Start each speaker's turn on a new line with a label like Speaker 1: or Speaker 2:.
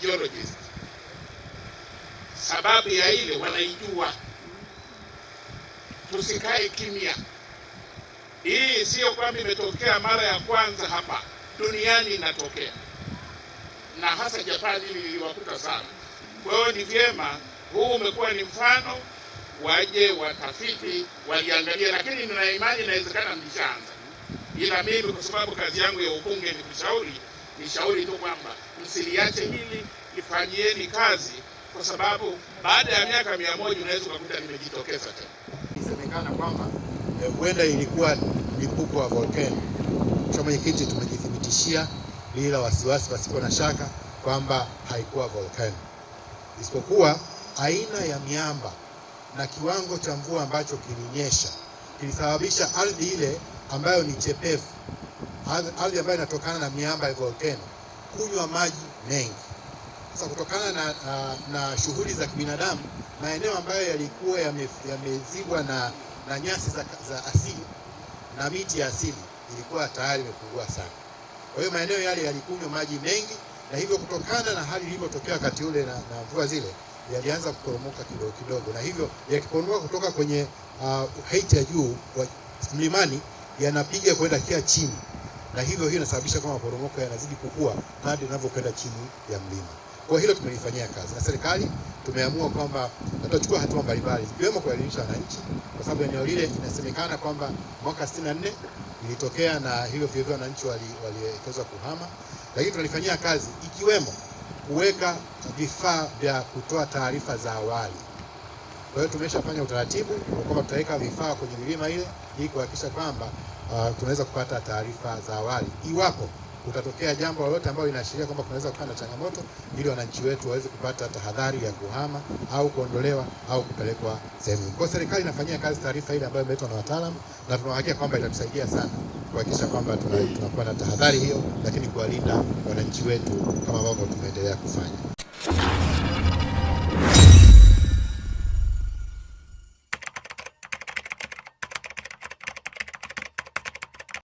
Speaker 1: geologist. Sababu ya ile wanaijua, tusikae kimya. Hii sio kwamba imetokea mara ya kwanza hapa duniani, inatokea na hasa Japani, hili liliwakuta sana. Kwa hiyo ni vyema, huu umekuwa ni mfano, waje watafiti waliangalia, lakini nina imani inawezekana mlishaanza, ila mimi kwa sababu kazi yangu ya ubunge ni kushauri nishauri tu kwamba msiliache hili, lifanyieni kazi, kwa sababu baada ya miaka mia moja unaweza ukakuta limejitokeza tena.
Speaker 2: Isemekana kwamba eh, huenda ilikuwa mlipuko wa volkeno. Mheshimiwa Mwenyekiti, tumejithibitishia bila wasiwasi, pasipo na shaka kwamba haikuwa volkeno, isipokuwa aina ya miamba na kiwango cha mvua ambacho kilinyesha kilisababisha ardhi ile ambayo ni chepefu ardhi ambayo inatokana na miamba ya volcano kunywa maji mengi. Sasa kutokana na, na, na shughuli za kibinadamu maeneo ambayo yalikuwa yamezibwa na, na nyasi za, za asili na miti ya asili ilikuwa tayari imepungua sana. Kwa hiyo maeneo yale yalikunywa maji mengi, na hivyo kutokana na hali ilivyotokea wakati ule na, na mvua zile yalianza kuporomoka kidogo kidogo, na hivyo yakiporomoka kutoka kwenye uh, ya juu mlimani yanapiga kwenda kia chini na hivyo hiyo inasababisha kama maporomoko yanazidi kukua hadi unavyokwenda chini ya mlima. Kwa hilo tumelifanyia kazi na serikali tumeamua kwamba tutachukua hatua mbalimbali ikiwemo kuelimisha wananchi, kwa sababu eneo lile inasemekana kwamba mwaka 64 ilitokea na hivyo vilevile wananchi walielekezwa wali kuhama, lakini tunalifanyia kazi ikiwemo kuweka vifaa vya kutoa taarifa za awali. Kwa hiyo tumeshafanya utaratibu kwamba tutaweka vifaa kwenye milima ile ili kuhakikisha kwamba uh, tunaweza kupata taarifa za awali iwapo kutatokea jambo lolote ambalo linaashiria kwamba kunaweza kuwa na changamoto, ili wananchi wetu waweze kupata tahadhari ya kuhama au kuondolewa au kupelekwa sehemu Kwa serikali inafanyia kazi taarifa ile ambayo imeletwa na wataalamu, na tunahakika kwamba itatusaidia sana kuhakikisha kwamba tunakuwa na tahadhari hiyo, lakini kuwalinda wananchi wetu kama ambavyo tumeendelea kufanya.